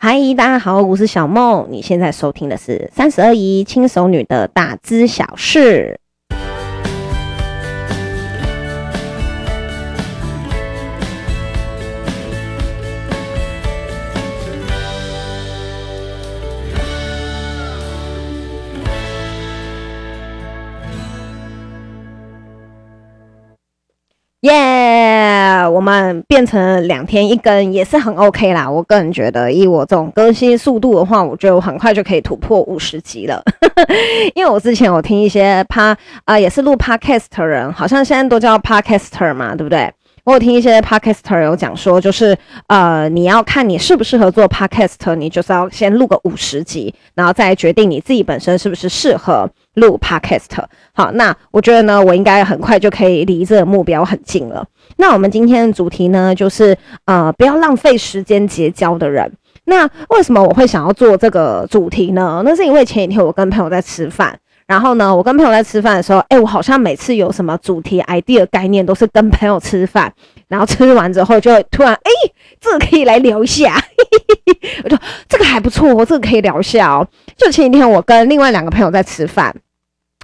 嗨，大家好，我是小夢。你現在收聽的是《三十而已，輕熟女的大知小事》。我們變成兩天一更也是很 OK 啦，我個人覺得，以我這種更新速度的話，我就很快就可以突破五十集了。 因為我之前有聽一些趴啊、呃，也是錄 podcaster 人，好像現在都叫 podcaster 嘛，對不對？我有聽一些 podcaster 人有講說，就是呃，你要看你適不適合做 podcast，你就是要先錄個五十集，然後再決定你自己本身是不是適合。錄 Podcast 好，那我覺得呢，我應該很快就可以離這個目標很近了。那我們今天的主題呢，就是呃，不要浪費時間結交的人。那為什麼我會想要做這個主題呢？那是因為前幾天我跟朋友在吃飯，然後呢，我跟朋友在吃飯的時候，哎，我好像每次有什麼主題 idea 概念，都是跟朋友吃飯，然後吃完之後就會突然，哎，這個可以來聊一下，嘿嘿嘿，我就這個還不錯，這個可以聊一下哦。就前幾天我跟另外兩個朋友在吃飯。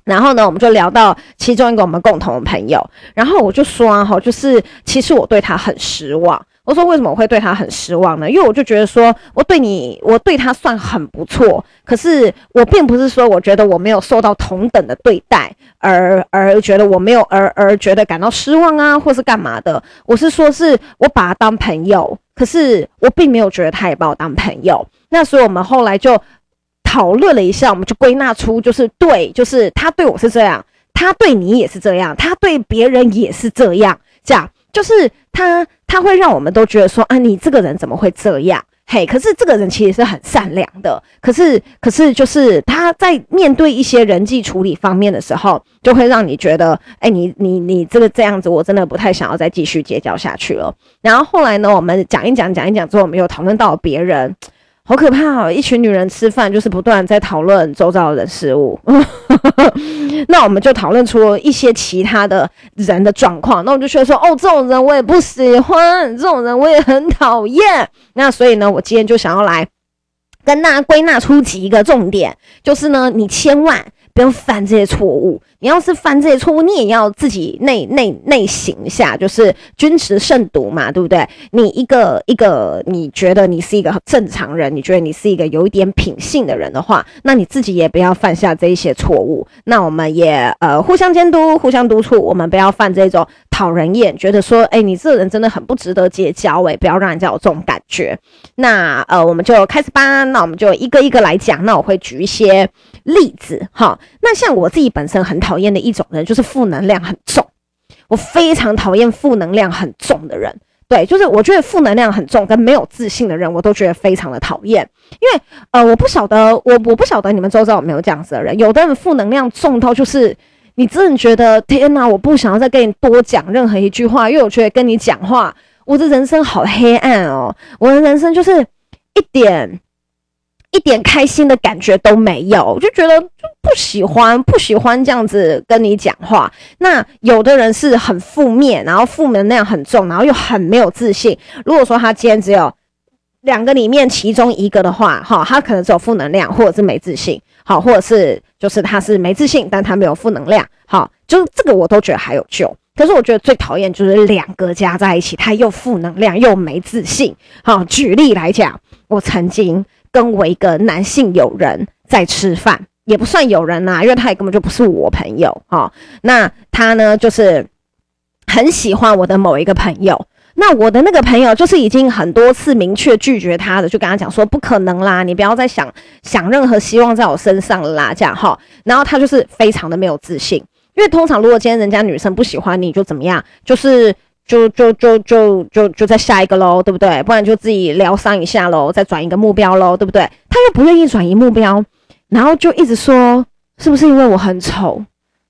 然後呢，我們就聊到其中一個我們共同的朋友，然後我就說哈，啊，就是其實我對他很失望。我說為什麼我會對他很失望呢？因為我就覺得說，我對你，我對他算很不錯，可是我並不是說我覺得我沒有受到同等的對待，而而覺得我沒有而而覺得感到失望啊，或是幹嘛的。我是說，是我把他當朋友，可是我並沒有覺得他也把我當朋友。那所以我們後來就。討論了一下，我們就歸納出，就是對，就是他對我是這樣，他對你也是這樣，他對別人也是這樣，這樣就是他，他會讓我們都覺得說啊，你這個人怎麼會這樣？嘿，可是這個人其實是很善良的，可是，可是就是他在面對一些人際處理方面的時候，就會讓你覺得，哎，你你你這個這樣子，我真的不太想要再繼續結交下去了。然後後來呢，我們講一講，講一講之後，我們又討論到了別人。好可怕喔！一群女人吃飯就是不斷在討論周遭的人事物， 那我們就討論出了一些其他的人的狀況，那我就覺得說，哦，這種人我也不喜歡，這種人我也很討厭。那所以呢，我今天就想要來跟大家歸納出幾個重點，就是呢，你千萬。不要犯這些錯誤。你要是犯這些錯誤，你也要自己內內內省一下，就是“君子慎獨”嘛，對不對？你一個一個，你覺得你是一個很正常人，你覺得你是一個有一點品性的人的話，那你自己也不要犯下這一些錯誤。那我們也呃互相監督，互相督促，我們不要犯這種討人厭，覺得說，誒、欸、你這個人真的很不值得結交誒、欸、不要讓人家有這種感覺。那呃，我們就開始吧。那我們就一個一個來講。那我會舉一些。例子哈，那像我自己本身很討厭的一種人，就是負能量很重。我非常討厭負能量很重的人，對，就是我覺得負能量很重跟沒有自信的人，我都覺得非常的討厭。因為，呃，我不曉得我我不曉得你們周遭有沒有這樣子的人。有的人負能量重到就是，你真的覺得天哪，我不想要再跟你多講任何一句話，因為我覺得跟你講話，我的人生好黑暗哦，我的人生就是一點。一點開心的感覺都沒有，就覺得就不喜歡，不喜歡這樣子跟你講話。那有的人是很負面，然後負能量很重，然後又很沒有自信。如果說他今天只有兩個裡面其中一個的話，哈，他可能只有負能量，或者是沒自信，好，或者是就是他是沒自信，但他沒有負能量，好，就是這個我都覺得還有救。可是我覺得最討厭就是兩個加在一起，他又負能量又沒自信。好，舉例來講，我曾經。跟我一個男性友人在吃飯，也不算友人吶，因為他也根本就不是我朋友哈、喔。那他呢，就是很喜歡我的某一個朋友。那我的那個朋友就是已經很多次明確拒絕他的，就跟他講說不可能啦，你不要再想想任何希望在我身上啦，這樣哈、喔。然後他就是非常的沒有自信，因為通常如果今天人家女生不喜歡你，就怎麼樣，就是。就就就就就就再下一個嘍，對不對？不然就自己療傷一下嘍，再轉移個目標嘍，對不對？他又不願意轉移目標，然後就一直說，是不是因為我很醜？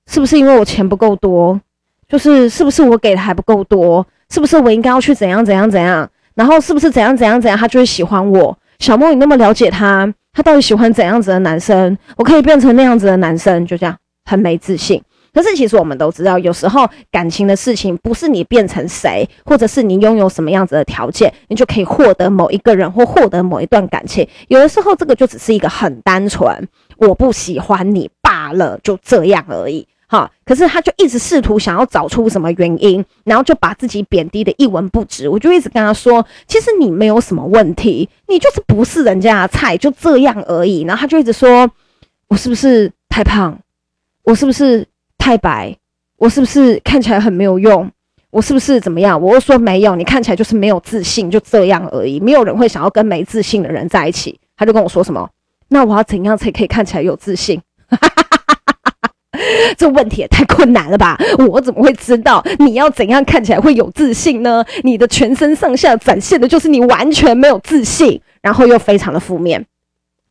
是不是因為我錢不夠多？就是是不是我給的還不夠多？是不是我應該要去怎樣怎樣怎樣？然後是不是怎樣怎樣怎樣他就會喜歡我？小莫，你那麼了解他，他到底喜歡怎樣子的男生？我可以變成那樣子的男生？就這樣，很沒自信。可是其實我們都知道，有時候感情的事情不是你變成誰，或者是你擁有什麼樣子的條件，你就可以獲得某一個人或獲得某一段感情。有的時候這個就只是一個很單純，我不喜歡你罷了，就這樣而已。哈，可是他就一直試圖想要找出什麼原因，然後就把自己貶低的一文不值。我就一直跟他說，其實你沒有什麼問題，你就是不是人家的菜，就這樣而已。然後他就一直說，我是不是太胖？我是不是？太白，我是不是看起來很沒有用？我是不是怎麼樣？我又說沒有，你看起來就是沒有自信，就這樣而已。沒有人會想要跟沒自信的人在一起。他就跟我說什麼？那我要怎樣才可以看起來有自信？ 這問題也太困難了吧？我怎麼會知道你要怎樣看起來會有自信呢？你的全身上下展現的就是你完全沒有自信，然後又非常的負面，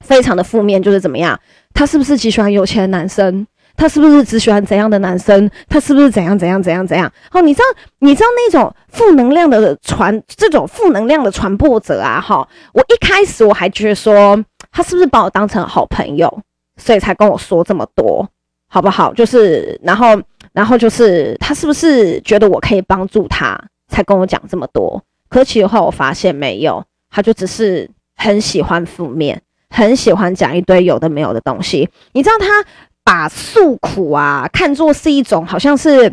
非常的負面就是怎麼樣？他是不是只喜歡有錢的男生？他是不是只喜歡怎樣的男生？他是不是怎樣怎樣怎樣怎樣？好、哦，你知道你知道那種負能量的傳，這種負能量的傳播者啊！哈、哦，我一開始我還覺得說他是不是把我當成好朋友，所以才跟我說這麼多，好不好？就是然後然後就是他是不是覺得我可以幫助他，才跟我講這麼多？可其實後我發現沒有，他就只是很喜歡負面，很喜歡講一堆有的沒有的東西。你知道他？把訴苦啊看作是一種好像是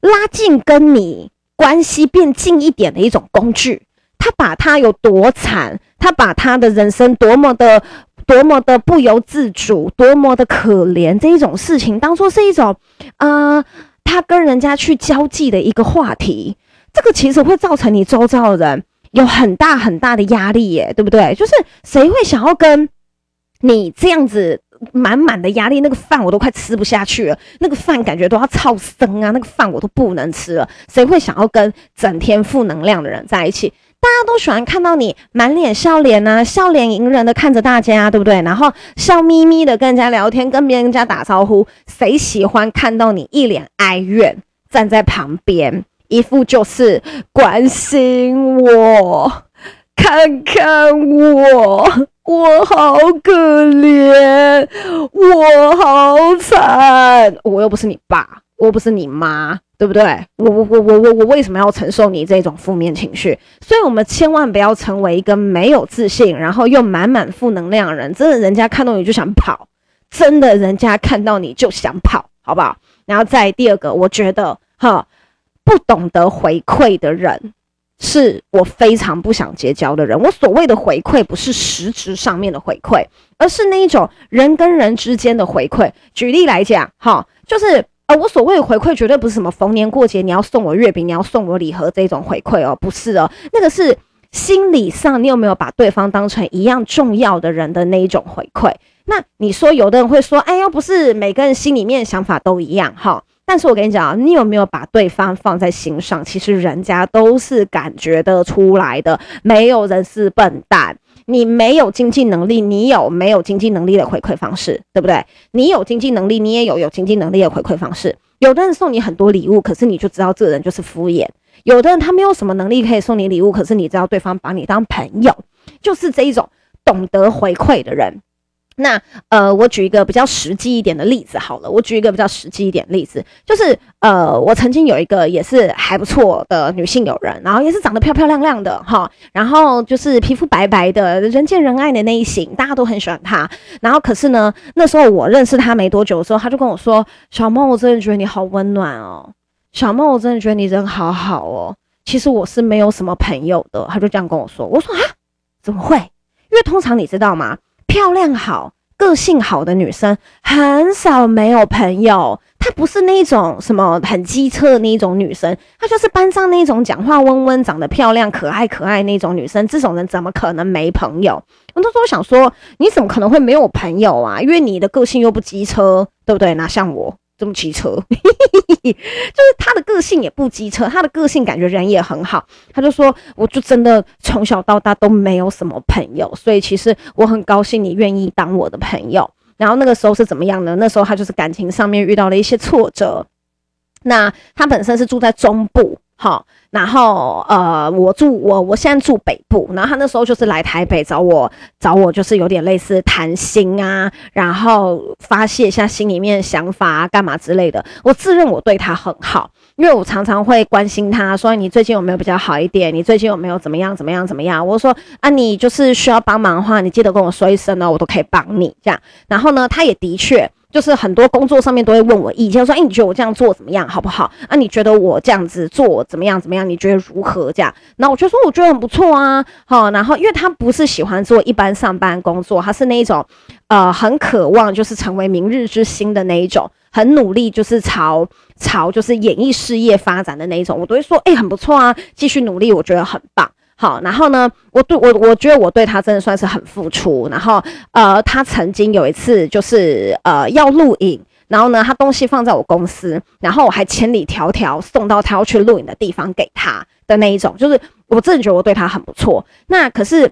拉近跟你關係變近一點的一種工具。他把他有多慘，他把他的人生多麼的多麼的不由自主，多麼的可憐這一種事情當做是一種呃，他跟人家去交際的一個話題。這個其實會造成你周遭的人有很大很大的壓力耶，對不對？就是誰會想要跟你這樣子？滿滿的壓力，那個飯我都快吃不下去了。那個飯感覺都要超生啊，那個飯我都不能吃了。誰會想要跟整天負能量的人在一起？大家都喜歡看到你滿臉笑臉啊，笑臉迎人的看着大家啊，對不對？然後笑眯眯的跟人家聊天，跟別人家打招呼。誰喜歡看到你一臉哀怨站在旁邊，一副就是關心我，看看我。我好可憐，我好慘，我又不是你爸，我又不是你媽，對不對？我我我我我我為什麼要承受你這種負面情緒？所以，我們千萬不要成為一個沒有自信，然後又滿滿負能量的人。真的，人家看到你就想跑，真的，人家看到你就想跑，好不好？然後再第二個，我覺得哈，不懂得回饋的人，是我非常不想結交的人。我所謂的回饋，不是實質上面的回饋，而是那一種人跟人之間的回饋。舉例來講，哈，就是呃，我所謂的回饋，絕對不是什麼逢年過節，你要送我月餅，你要送我禮盒這種回饋哦，不是哦，那個是心理上你有沒有把對方當成一樣重要的人的那一種回饋？那你說，有的人會說，哎，要不是每個人心裡面想法都一樣，哈。但是我跟你講，你有沒有把對方放在心上？其實人家都是感覺得出來的，沒有人是笨蛋。你沒有經濟能力，你有沒有經濟能力的回饋方式，對不對？你有經濟能力，你也有有經濟能力的回饋方式。有的人送你很多禮物，可是你就知道這個人就是敷衍；有的人他沒有什麼能力可以送你禮物，可是你知道對方把你當朋友，就是這一種懂得回饋的人。那呃，我舉一個比較實際一點的例子好了。我舉一個比較實際一點的例子，就是呃，我曾經有一個也是還不錯的女性友人，然後也是長得漂漂亮亮的哈，然後就是皮膚白白的，人見人愛的那一型，大家都很喜歡她。然後可是呢，那時候我認識她沒多久的時候，她就跟我說：“小夢，我真的覺得你好溫暖哦，小夢，我真的覺得你人好好哦。”其實我是沒有什麼朋友的，她就這樣跟我說。我說啊，怎麼會？因為通常你知道嗎？漂亮好，個性好的女生很少沒有朋友，她不是那種什麼很機車的那種女生，她就是班上那種講話溫溫、長得漂亮、可愛可愛那種女生。這種人怎麼可能沒朋友？我那時候想說，你怎麼可能會沒有朋友啊？因為你的個性又不機車，對不對？哪像我。這麼機車， 就是他的個性也不機車，他的個性感覺人也很好。他就說，我就真的從小到大都沒有什麼朋友，所以其實我很高興你願意當我的朋友。然後那個時候是怎麼樣呢？那時候他就是感情上面遇到了一些挫折。那他本身是住在中部，好，然後呃，我住我我現在住北部，然後他那時候就是來台北找我，找我就是有點類似談心啊，然後發洩一下心裡面的想法啊，幹嘛之類的。我自認我對他很好，因為我常常會關心他說，你最近有沒有比較好一點？你最近有沒有怎麼樣怎麼樣怎麼樣？我說啊，你就是需要幫忙的話，你記得跟我說一聲哦，我都可以幫你這樣。然後呢，他也的確。就是很多工作上面都會問我意見說，欸，你覺得我這樣做怎麼樣，好不好？那你覺得我這樣子做怎麼樣？怎麼樣？你覺得如何？這樣？那我就說我覺得很不錯啊，好。然後因為他不是喜歡做一般上班工作，他是那一種，呃，很渴望就是成為明日之星的那一種，很努力就是朝朝就是演藝事業發展的那一種，我都會說哎，很不錯啊，繼續努力，我覺得很棒。好，然後呢，我對我我覺得我對他真的算是很付出。然後，呃，他曾經有一次就是呃要錄影，然後呢，他東西放在我公司，然後我還千里迢迢送到他要去錄影的地方給他的那一種，就是我真的覺得我對他很不錯。那可是，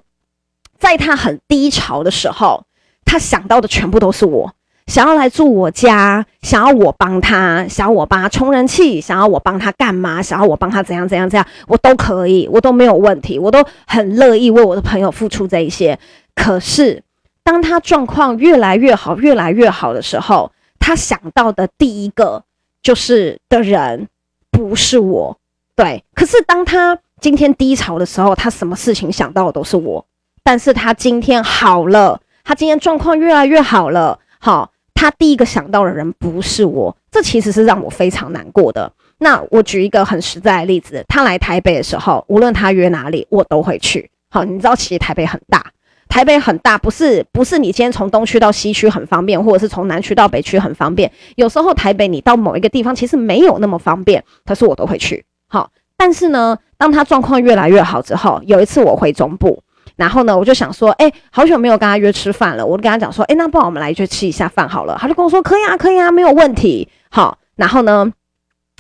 在他很低潮的時候，他想到的全部都是我。想要來住我家，想要我幫他，想要我幫他充人氣，想要我幫他幹嘛？想要我幫他怎樣怎樣怎樣，我都可以，我都沒有問題，我都很樂意為我的朋友付出這一些。可是當他狀況越來越好，越來越好的時候，他想到的第一個就是的人不是我，對。可是當他今天低潮的時候，他什麼事情想到的都是我。但是他今天好了，他今天狀況越來越好了，好。他第一個想到的人不是我，這其實是讓我非常難過的。那我舉一個很實在的例子，他來台北的時候，無論他約哪裡，我都會去。好，你知道其實台北很大，台北很大，不是不是你今天從東區到西區很方便，或者是從南區到北區很方便。有時候台北你到某一個地方其實沒有那麼方便，可是我都會去。好，但是呢，當他狀況越來越好之後，有一次我回中部。然後呢，我就想說，欸，好久沒有跟他約吃飯了，我就跟他講說，欸，那不然我們來約吃一下飯好了。他就跟我說，可以啊，可以啊，沒有問題。好，然後呢，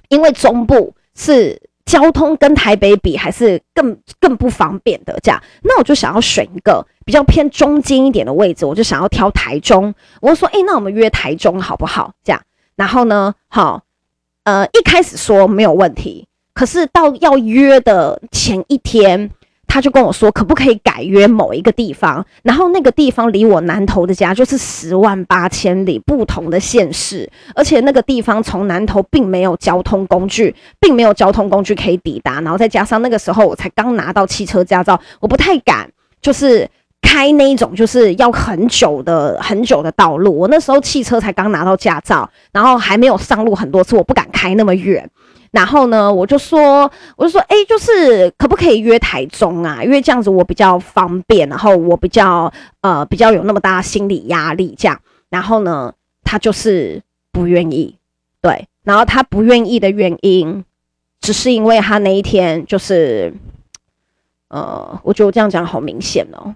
因為中部是交通跟台北比還是更更不方便的，這樣，那我就想要選一個比較偏中間一點的位置，我就想要挑台中。我就說，欸，那我們約台中好不好？這樣，然後呢，好，呃，一開始說沒有問題，可是到要約的前一天。他就跟我說，可不可以改約某一個地方？然後那個地方離我南投的家就是十萬八千里，不同的縣市，而且那個地方從南投並沒有交通工具，並沒有交通工具可以抵達。然後再加上那個時候我才剛拿到汽車駕照，我不太敢，就是開那一種就是要很久的很久的道路。我那時候汽車才剛拿到駕照，然後還沒有上路很多次，我不敢開那麼遠。然後呢，我就說，我就說，哎，就是可不可以約台中啊？因為這樣子我比較方便，然後我比較呃比較有那麼大的心理壓力這樣。然後呢，他就是不願意，對。然後他不願意的原因，只是因為他那一天就是，呃，我覺得我這樣講好明顯哦。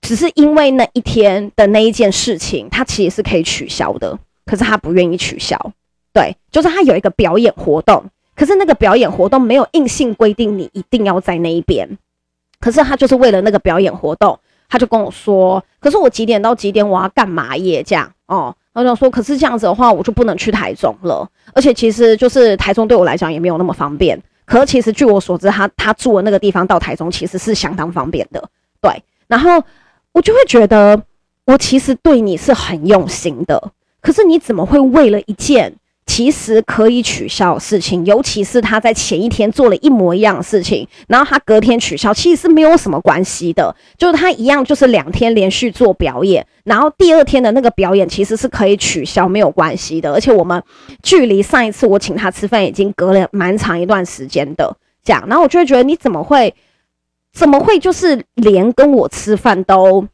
只是因為那一天的那一件事情，他其實是可以取消的，可是他不願意取消。對，就是他有一個表演活動。可是那個表演活動沒有硬性規定你一定要在那一邊，可是他就是為了那個表演活動，他就跟我說，可是我幾點到幾點我要幹嘛耶這樣哦，我就說，可是這樣子的話，我就不能去台中了，而且其實就是台中對我來講也沒有那麼方便，可是其實據我所知，他他住的那個地方到台中其實是相當方便的，對，然後我就會覺得我其實對你是很用心的，可是你怎麼會為了一件？其實可以取消事情，尤其是他在前一天做了一模一樣的事情，然後他隔天取消，其實是沒有什麼關係的。就是他一樣，就是兩天連續做表演，然後第二天的那個表演其實是可以取消，沒有關係的。而且我們距離上一次我請他吃飯已經隔了蠻長一段時間的，這樣，然後我就會覺得你怎麼會，怎麼會就是連跟我吃飯都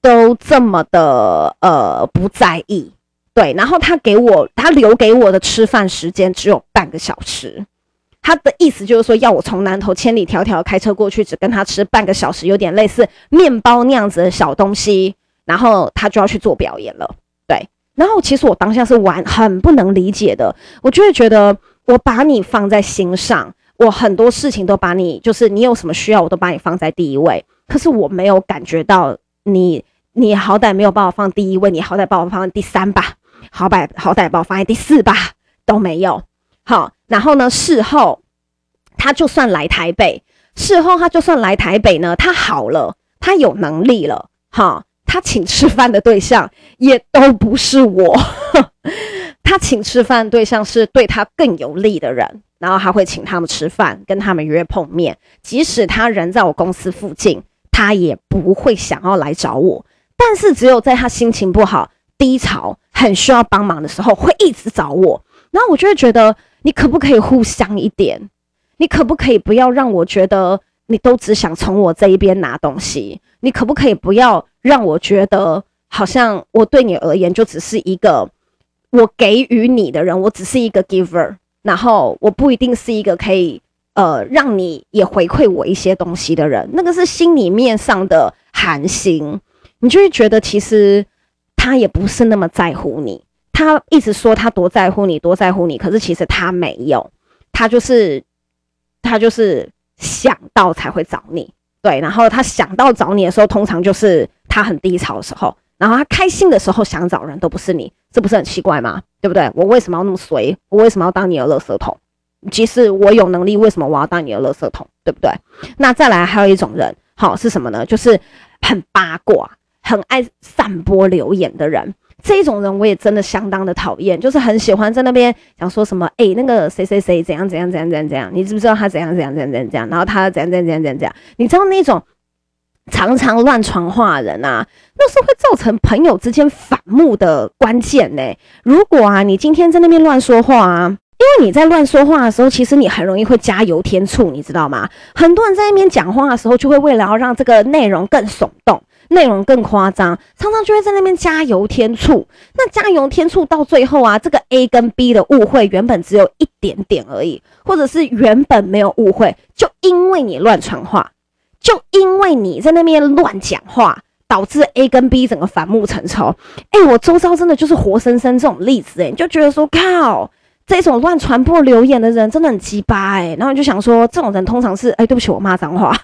都這麼的呃不在意？對，然後他給我，他留給我的吃飯時間只有半個小時。他的意思就是說，要我從南投千里迢迢開車過去，只跟他吃半個小時，有點類似麵包那樣子的小東西。然後他就要去做表演了。對，然後其實我當下是完很不能理解的，我就會覺得我把你放在心上，我很多事情都把你，就是你有什麼需要，我都把你放在第一位。可是我沒有感覺到你，你好歹沒有把我放第一位，你好歹把我放在第三吧。好歹好歹把我放在第四吧，都沒有好、哦。然後呢，事後他就算來台北，事後他就算來台北呢，他好了，他有能力了，哈、哦，他請吃飯的對象也都不是我，呵呵，他請吃飯的對象是對他更有利的人，然後他會請他們吃飯，跟他們約碰面。即使他人在我公司附近，他也不會想要來找我。但是只有在他心情不好、低潮。很需要幫忙的時候會一直找我，然後我就會覺得，你可不可以互相一點？你可不可以不要讓我覺得你都只想從我這一邊拿東西？你可不可以不要讓我覺得好像我對你而言就只是一個我給予你的人，我只是一個 giver，然後我不一定是一個可以呃讓你也回饋我一些東西的人。那個是心裡面上的寒心，你就會覺得其實。他也不是那麼在乎你，他一直說他多在乎你，多在乎你，可是其實他沒有，他就是他就是想到才會找你，對，然後他想到找你的時候，通常就是他很低潮的時候，然後他開心的時候想找人都不是你，這不是很奇怪嗎？對不對？我為什麼要那麼隨？我為什麼要當你的垃圾桶？即使我有能力，為什麼我要當你的垃圾桶？對不對？那再來還有一種人，齁，是什麼呢？就是很八卦。很愛散播流言的人，這種人我也真的相當的討厭，就是很喜歡在那邊想說什麼，哎、欸，那個誰誰誰怎樣怎樣怎樣怎樣怎樣，你知不知道他怎樣怎樣怎樣怎樣，然後他怎樣怎樣怎樣怎樣，你知道那種常常亂傳話的人啊，那是會造成朋友之間反目的關鍵呢、欸。如果啊，你今天在那邊亂說話啊，因為你在亂說話的時候，其實你很容易會加油添醋，你知道嗎？很多人在那邊講話的時候，就會為了要讓這個內容更聳動。內容更誇張，常常就會在那邊加油添醋。那加油添醋到最後啊，這個 A 跟 B 的誤會原本只有一點點而已，或者是原本沒有誤會，就因為你亂傳話，就因為你在那邊亂講話，導致 A 跟 B 整個反目成仇。哎、欸，我周遭真的就是活生生這種例子哎、欸，你就覺得說靠，這種亂傳播流言的人真的很雞巴哎，然後你就想說這種人通常是哎、欸，對不起我罵髒話，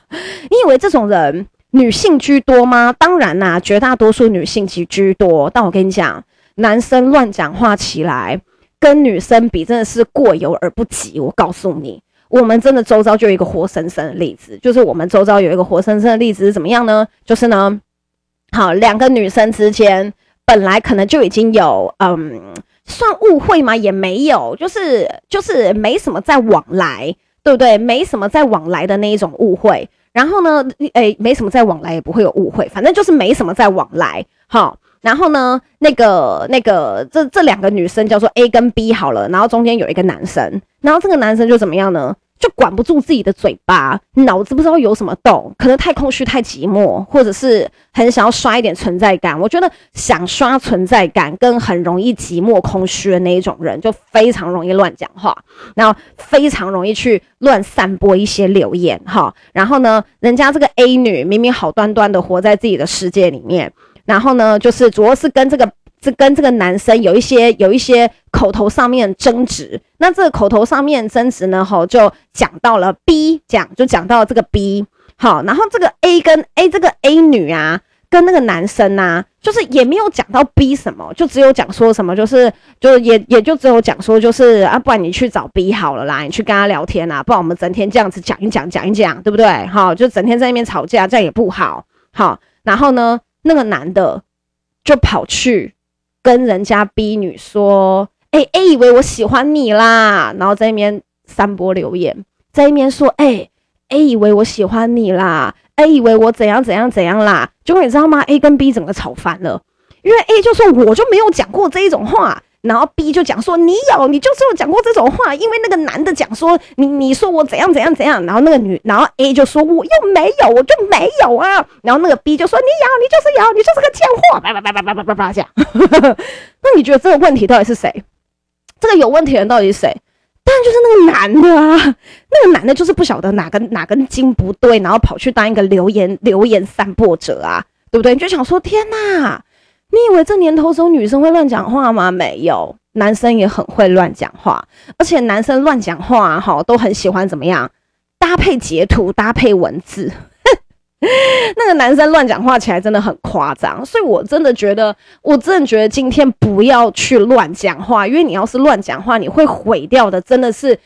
你以為這種人？女性居多嗎？當然啦、啊，絕大多數女性居，居多。但我跟你講，男生亂講話起來，跟女生比真的是過猶而不及。我告訴你，我們真的周遭就有一個活生生的例子，就是我們周遭有一個活生生的例子是怎麼樣呢？就是呢，好，兩個女生之間，本來可能就已經有，嗯，算誤會嗎？也沒有，就是就是沒什麼在往來，對不對？沒什麼在往來的那一種誤會。然後呢，哎，沒什麼再往來，也不會有誤會，反正就是沒什麼再往來。好、哦，然後呢，那個、那個，這這兩個女生叫做 A 跟 B 好了，然後中間有一個男生，然後這個男生就怎麼樣呢？就管不住自己的嘴巴，腦子不知道有什麼洞，可能太空虛、太寂寞，或者是很想要刷一點存在感。我覺得想刷存在感跟很容易寂寞空虛的那一種人，就非常容易亂講話，然後非常容易去亂散播一些流言哈。然後呢，人家這個 A 女明明好端端的活在自己的世界裡面，然後呢，就是主要是跟這個 B 女。是跟這個男生有一些有一些口頭上面爭執，那這個口頭上面爭執呢，吼，就講到了 B，講就講到了這個 B，好，然後這個 A 跟 A 這個 A 女啊，跟那個男生啊，就是也沒有講到 B 什麼，就只有講說什麼，就是就也也就只有講說，就是啊，不然你去找 B 好了啦，你去跟他聊天啦、啊，不然我們整天這樣子講一講，講一講，對不對？好，就整天在那邊吵架，這樣也不好，好，然後呢，那個男的就跑去。跟人家 B 女說：“哎、欸、哎，A、以為我喜歡你啦！”然後在那邊散播留言，在那邊說：“哎、欸、哎，A、以為我喜歡你啦！哎，A 以為我怎樣怎樣怎樣啦！”結果你知道嗎？A 跟 B 整個吵翻了，因為 A 就說我就沒有講過這一種話。然後 B 就講說，你有，你就是講過這種話，因為那個男的講說你你說我怎樣怎樣怎樣，然後那個女，然後 A 就說我又沒有，我就沒有啊，然後那個 B 就說你有，你就是有，你就是個賤貨，叭叭叭叭叭叭叭叭講。 那你覺得這個問題到底是誰？這個有問題的人到底是誰？當然就是那個男的啊，那個男的就是不曉得哪根哪根筋不對，然後跑去當一個流言流言散播者啊，對不對？你就想說天哪！你以為這年頭只有女生會亂講話嗎？沒有，男生也很會亂講話，而且男生亂講話哈、啊，都很喜歡怎麼樣搭配截圖、搭配文字。 那個男生亂講話起來真的很誇張，所以我真的覺得，我真的覺得今天不要去亂講話，因為你要是亂講話，你會毀掉的，真的是，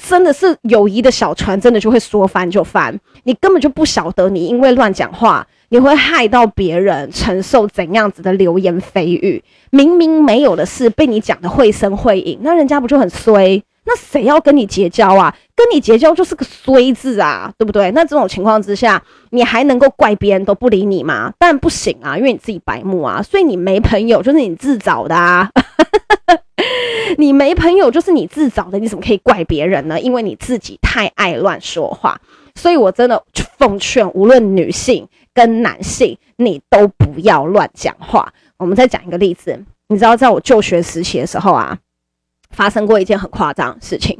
真的是友誼的小船，真的就會說翻就翻。你根本就不曉得，你因為亂講話。你會害到別人承受怎樣子的流言蜚語？明明沒有的事，被你講得繪聲繪影，那人家不就很衰？那誰要跟你結交啊？跟你結交就是個衰字啊，對不對？那這種情況之下，你還能夠怪別人都不理你嗎？但不行啊，因為你自己白目啊，所以你沒朋友就是你自找的啊。 你沒朋友就是你自找的，你怎麼可以怪別人呢？因為你自己太愛亂說話，所以我真的奉勸無論女性。跟男性，你都不要亂講話。我們再講一個例子，你知道，在我就學時期的時候啊，發生過一件很誇張的事情，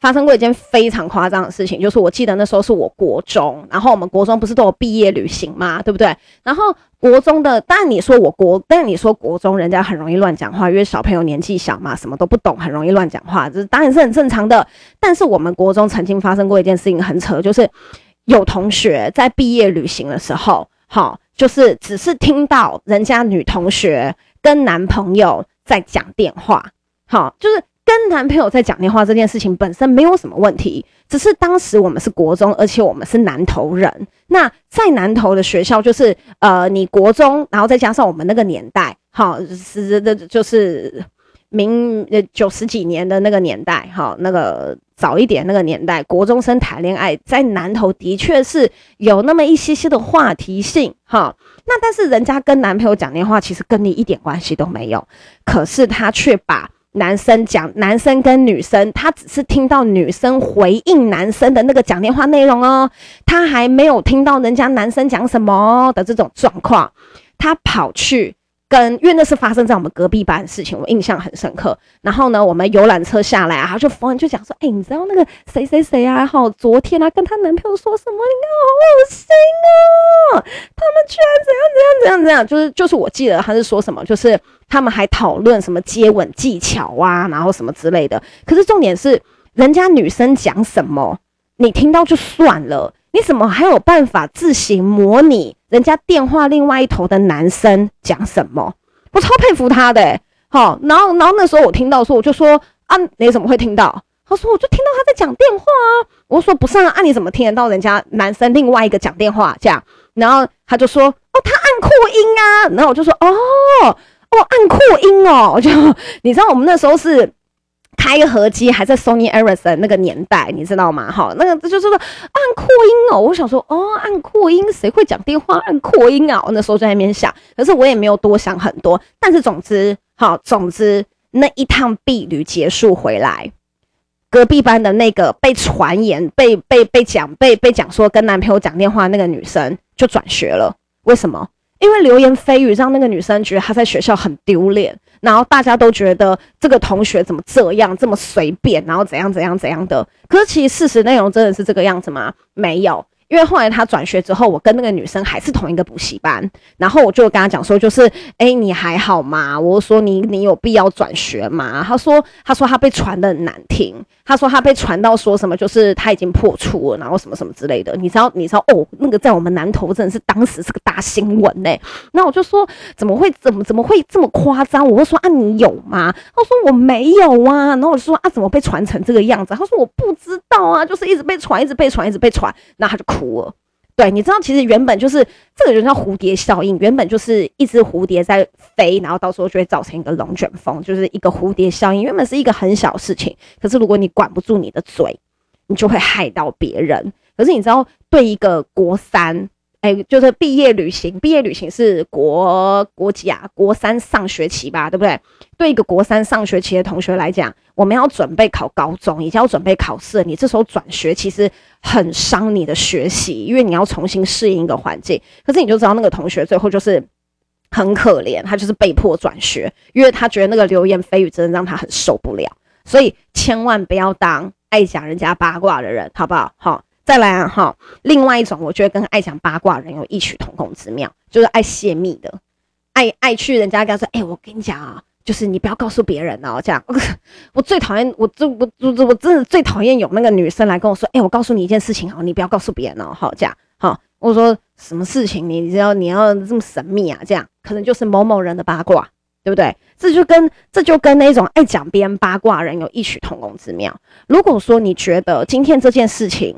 發生過一件非常誇張的事情，就是我記得那時候是我國中，然後我們國中不是都有畢業旅行嘛，對不對？然後國中的，但你說我國，但你說國中，人家很容易亂講話，因為小朋友年紀小嘛，什麼都不懂，很容易亂講話，這當然是很正常的。但是我們國中曾經發生過一件事情很扯，就是。有同學在畢業旅行的時候，好，就是只是聽到人家女同學跟男朋友在講電話，好，就是跟男朋友在講電話這件事情本身沒有什麼問題，只是當時我們是國中，而且我們是南投人，那在南投的學校就是，呃，你國中，然後再加上我們那個年代，好，是的，就是。明呃九十幾年的那個年代哈，那個早一點那個年代，國中生談戀愛在南投的確是有那麼一些些的話題性哈。那但是人家跟男朋友講電話，其實跟你一點關係都沒有。可是他卻把男生講男生跟女生，他只是聽到女生回應男生的那個講電話內容哦、喔，他還沒有聽到人家男生講什麼的這種狀況，他跑去。跟因為那是發生在我們隔壁班的事情，我印象很深刻。然後呢，我們遊覽車下來啊，他就逢人就講說，哎、欸，你知道那個誰誰誰啊？好，昨天啊，跟她男朋友說什麼，你看好惡心哦、啊！他們居然怎樣怎樣怎樣怎樣，就是就是，我記得他是說什麼，就是他們還討論什麼接吻技巧啊，然後什麼之類的。可是重點是，人家女生講什麼，你聽到就算了。你怎麼還有辦法自行模擬人家電話另外一頭的男生講什麼？我超佩服他的、欸。好、哦，然後，然後那時候我聽到說，我就說啊，你怎麼會聽到？他說我就聽到他在講電話、啊。我說不是啊，那、啊、你怎麼聽得到人家男生另外一個講電話這樣？然後他就說哦，他按擴音啊。然後我就說哦哦，按擴音哦。我就你知道我們那時候是。開個合機，還在 Sony Ericsson 那個年代，你知道嗎？哈，那個這就是個按擴音哦、喔。我想說，哦，按擴音，誰會講電話？按擴音啊、喔！我那時候就在那邊想，可是我也沒有多想很多。但是總之，好，總之那一趟畢旅結束回來，隔壁班的那個被傳言、被被被講、被被講說跟男朋友講電話那個女生就轉學了。為什麼？因為流言蜚語讓那個女生覺得她在學校很丟臉，然後大家都覺得這個同學怎麼這樣，這麼隨便，然後怎樣怎樣怎樣的。可是其實事實內容真的是這個樣子嗎？沒有。因為後來他轉學之後，我跟那個女生還是同一個補習班，然後我就跟他講說，就是哎、欸，你還好嗎？我說你你有必要轉學嗎？他說他說他被傳的很難聽，他說他被傳到說什麼，就是他已經破處了，然後什麼什麼之類的。你知道你知道哦，那個在我們南投真的是當時是個大新聞呢、欸。那我就說怎麼會怎麼怎麼會這麼誇張？我就說啊你有嗎？他說我沒有啊。然後我就說啊怎麼被傳成這個樣子？他說我不知道啊，就是一直被傳，一直被傳，一直被傳。那他就。圖對，你知道其實原本就是這個，就叫蝴蝶效應。原本就是一只蝴蝶在飛，然後到時候就會造成一個龍捲風，就是一個蝴蝶效應。原本是一個很小的事情，可是如果你管不住你的嘴，你就會害到別人。可是你知道，對一個國三。哎、欸，就是畢業旅行，畢業旅行是國國甲、啊、國三上學期吧，對不對？對一個國三上學期的同學來講，我們要準備考高中，已經要準備考試，你這時候轉學其實很傷你的學習，因為你要重新適應一個環境。可是你就知道那個同學最後就是很可憐，他就是被迫轉學，因為他覺得那個流言蜚語真的讓他很受不了。所以千萬不要當愛講人家八卦的人，好不好？好。再來啊哈！另外一種，我覺得跟愛講八卦人有異曲同工之妙，就是愛洩密的，愛愛去人家跟他說，哎、欸，我跟你講啊，就是你不要告訴別人哦、喔，這樣。我最討厭，我這我我我真的最討厭有那個女生來跟我說，哎、欸，我告訴你一件事情啊，你不要告訴別人哦，好，這樣好。我說什麼事情，你你要你要這麼神秘啊，這樣可能就是某某人的八卦，對不對？這就跟這就跟那種愛講別人八卦人有異曲同工之妙。如果說你覺得今天這件事情，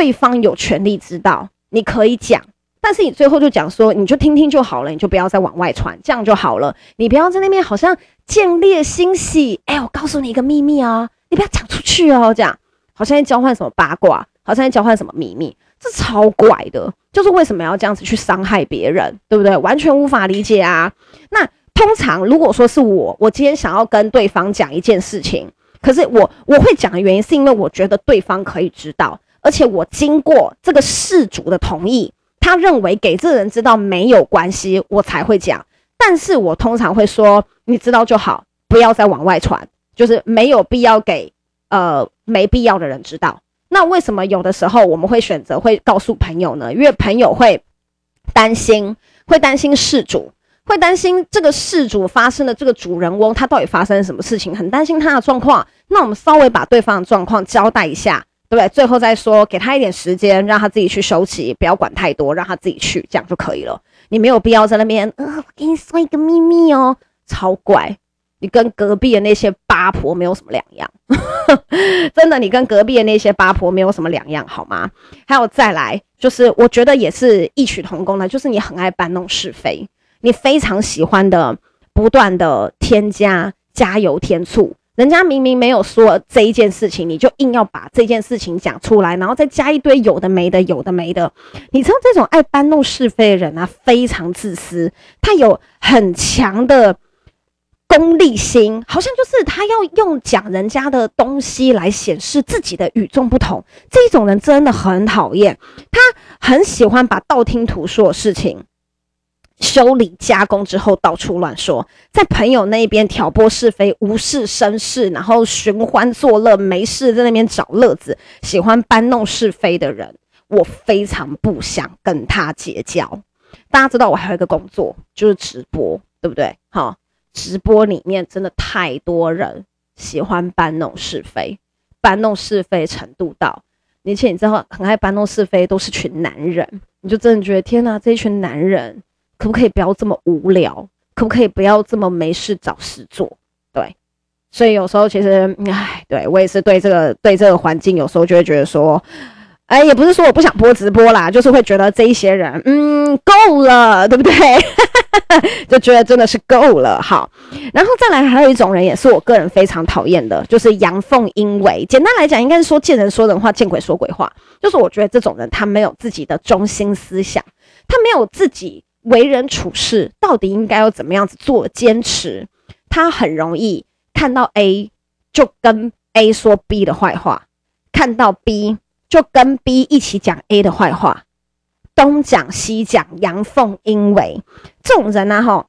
對方有權利知道，你可以講，但是你最後就講說，你就聽聽就好了，你就不要再往外傳，這樣就好了。你不要在那邊好像見獵心喜，哎、欸，我告訴你一個秘密哦、喔，你不要講出去哦、喔，這樣好像在交換什麼八卦，好像在交換什麼秘密，這是超怪的。就是為什麼要這樣子去傷害別人，對不對？完全無法理解啊。那通常如果說是我，我今天想要跟對方講一件事情，可是我我會講的原因，是因為我覺得對方可以知道。而且我經過這個事主的同意，他認為給這個人知道沒有關係，我才會講。但是我通常會說，你知道就好，不要再往外傳，就是沒有必要給呃沒必要的人知道。那為什麼有的時候我們會選擇會告訴朋友呢？因為朋友會擔心，會擔心事主，會擔心這個事主發生的這個主人翁他到底發生了什麼事情，很擔心他的狀況。那我們稍微把對方的狀況交代一下。對不對？最後再說，給他一點時間，讓他自己去收起，不要管太多，讓他自己去，這樣就可以了。你沒有必要在那邊，呃，我給你說一個秘密哦，超怪，你跟隔壁的那些八婆沒有什麼兩樣， 真的，你跟隔壁的那些八婆沒有什麼兩樣，好嗎？還有再來，就是我覺得也是異曲同工的，就是你很愛搬弄是非，你非常喜歡的，不斷的添加加油添醋。人家明明沒有說這一件事情，你就硬要把這件事情講出來，然後再加一堆有的沒的，有的沒的。你知道這種愛搬弄是非的人啊，非常自私，他有很強的功利心，好像就是他要用講人家的東西來顯示自己的與眾不同。這種人真的很討厭，他很喜歡把道聽途說的事情。修理加工之後到處亂說，在朋友那邊挑撥是非、無事生事，然後尋歡作樂，沒事在那邊找樂子，喜歡搬弄是非的人，我非常不想跟他結交。大家知道我還有一個工作就是直播，對不對？好，直播裡面真的太多人喜歡搬弄是非，搬弄是非程度到，而且你知道很愛搬弄是非都是群男人，你就真的覺得天哪，這一群男人。可不可以不要這麼無聊？可不可以不要這麼沒事找事做？對，所以有時候其實，哎，對，我也是對這個對這個環境，有時候就會覺得說，哎、欸，也不是說我不想播直播啦，就是會覺得這一些人，嗯，夠了，對不對？ 就覺得真的是夠了。好，然後再來，還有一種人也是我個人非常討厭的，就是陽奉陰違。簡單來講，應該是說見人說人話，見鬼說鬼話。就是我覺得這種人，他沒有自己的中心思想，他沒有自己。為人處事到底應該要怎麼樣子做？堅持，他很容易看到 A，就跟 A 說 B 的壞話；看到 B，就跟 B 一起講 A 的壞話。東講西講，陽奉陰違。這種人呢，哈，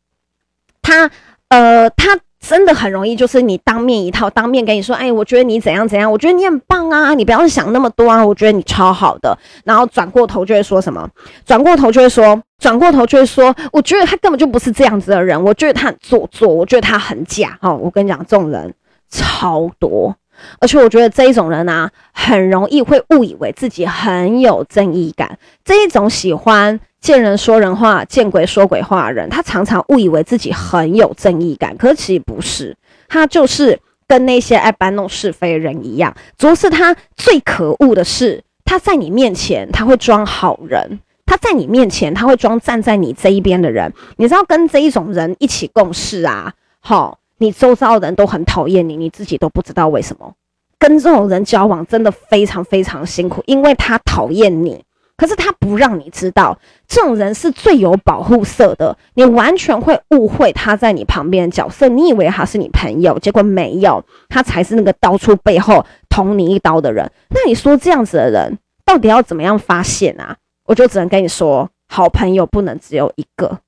他呃，他真的很容易，就是你當面一套，當面跟你說：“哎、欸，我覺得你怎樣怎樣，我覺得你很棒啊，你不要想那麼多啊，我覺得你超好的。”然後轉過頭就會說什麼？轉過頭就會說。轉過頭就會說：“我覺得他根本就不是這樣子的人，我覺得他很做作，我覺得他很假哦。”哈，我跟你講，這種人超多，而且我覺得這一種人啊，很容易會誤以為自己很有正義感。這一種喜歡見人說人話、見鬼說鬼話的人，他常常誤以為自己很有正義感，可是其實不是。他就是跟那些愛搬弄是非的人一樣。主要是他最可惡的是，他在你面前他會裝好人。他在你面前，他會裝站在你這一邊的人。你知道跟這一種人一起共事啊，齁，你周遭的人都很討厭你，你自己都不知道為什麼。跟這種人交往真的非常非常辛苦，因為他討厭你，可是他不讓你知道。這種人是最有保護色的，你完全會誤會他在你旁邊的角色。你以為他是你朋友，結果沒有，他才是那個到處背後捅你一刀的人。那你說這樣子的人到底要怎麼樣發現啊？我就只能跟你說，好朋友不能只有一個。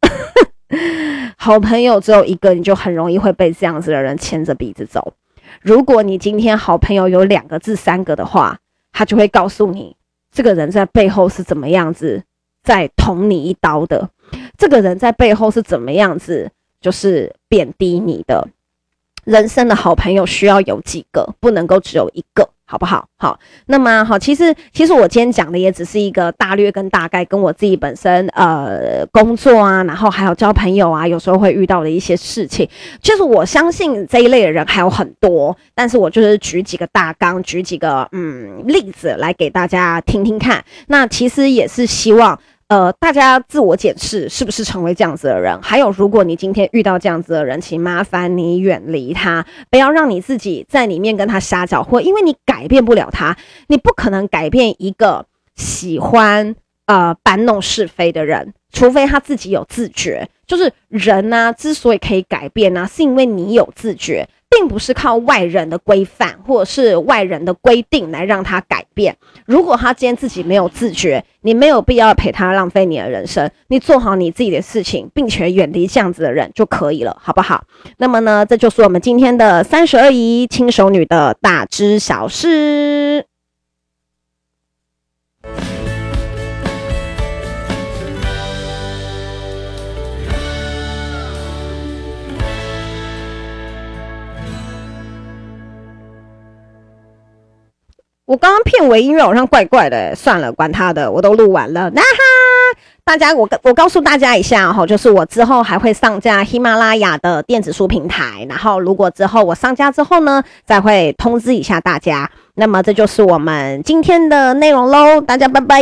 好朋友只有一個，你就很容易會被這樣子的人牽着鼻子走。如果你今天好朋友有兩個至三個的話，他就會告訴你，這個人在背後是怎麼樣子，在捅你一刀的。這個人在背後是怎麼樣子，就是貶低你的。人生的好朋友需要有幾個，不能夠只有一個。好不好？好，那麼好。其實，其實我今天講的也只是一個大略跟大概，跟我自己本身呃工作啊，然後還有交朋友啊，有時候會遇到的一些事情。就是我相信這一類的人還有很多，但是我就是舉幾個大綱，舉幾個嗯例子來給大家聽聽看。那其實也是希望。呃，大家自我檢視，是不是成為這樣子的人？還有，如果你今天遇到這樣子的人，請麻煩你遠離他，不要讓你自己在裡面跟他瞎攪和，因為你改變不了他，你不可能改變一個喜歡呃搬弄是非的人，除非他自己有自覺。就是人呢、啊，之所以可以改變呢、啊，是因為你有自覺。並不是靠外人的規範或者是外人的規定來讓他改變。如果他今天自己沒有自覺，你沒有必要陪他浪費你的人生。你做好你自己的事情，並且遠離這樣子的人就可以了，好不好？那麼呢，這就是我們今天的三十二姨輕熟女的大知小事。我剛剛片尾音樂好像怪怪的、欸，算了，管他的，我都錄完了。那、啊、哈，大家，我我告訴大家一下哈，就是我之後還會上架喜馬拉雅的電子書平台，然後如果之後我上架之後呢，再會通知一下大家。那麼這就是我們今天的內容嘍，大家拜拜。